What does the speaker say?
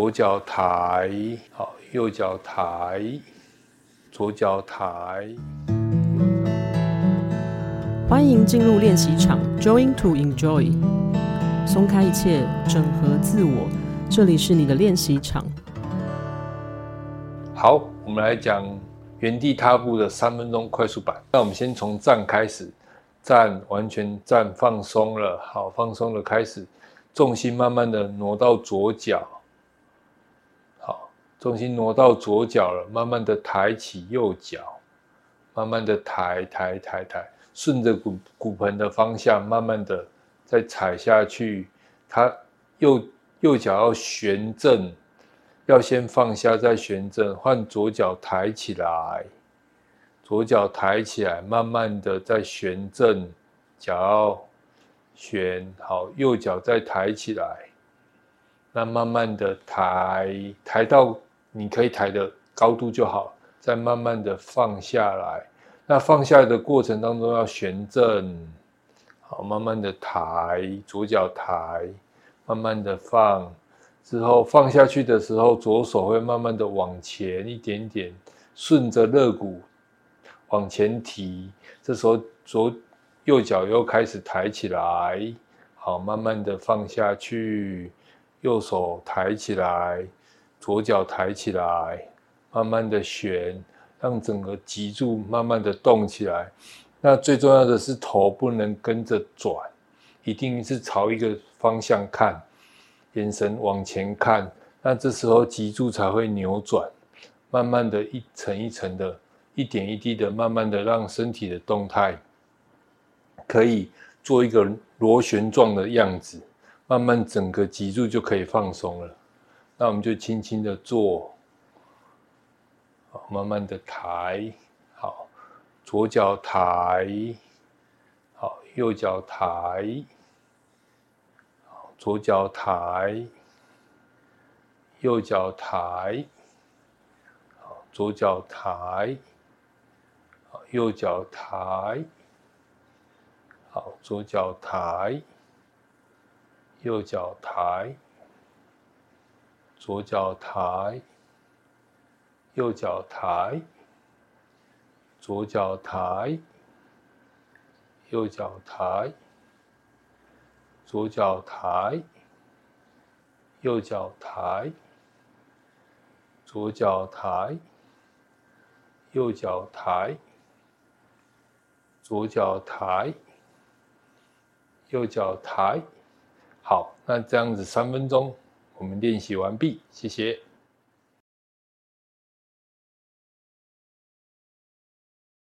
左腳抬，好，右腳抬，左腳抬。歡迎進入練習場，Join to enjoy，鬆開一切，整合自我，這裡是你的練習場。好，我們來講原地踏步的三分鐘快速版。那我們先從站開始，站完全站放鬆了，好，放鬆了開始，重心慢慢的挪到左腳。重心挪到左腳了，慢慢的抬起右腳，慢慢的抬抬抬抬，順着骨骨盆的方向，慢慢的再踩下去。他右右腳要旋正，要先放下再旋正，換左腳抬起來，左腳抬起來，慢慢的再旋正，腳要旋好，右腳再抬起來，那慢慢的抬抬到你可以抬的高度就好，再慢慢的放下來。那放下來的過程當中要旋正，好，慢慢的抬，左腳抬，慢慢的放。之後放下去的時候，左手會慢慢的往前一點點，順着肋骨往前提。這時候左右腳又開始抬起來，好，慢慢的放下去，右手抬起來。左腳抬起來，慢慢的旋，讓整個脊柱慢慢的動起來。那最重要的是頭不能跟着轉，一定是朝一個方向看，眼神往前看，那這時候脊柱才會扭轉，慢慢的一層一層的，一點一滴的，慢慢的讓身體的動態可以做一個螺旋狀的樣子，慢慢整個脊柱就可以放鬆了。那我們就輕輕地坐，好，慢慢地抬，好，左腳抬，好，右腳抬，好，左腳抬，右腳抬，好，左腳抬，好，右腳抬，好，左腳抬，右腳抬。左腳抬，右腳抬，左腳抬，右腳抬，左腳抬，右腳抬，左腳抬，右腳抬，左腳抬，右腳抬。好，那這樣子三分鐘。我們練習完畢，謝謝。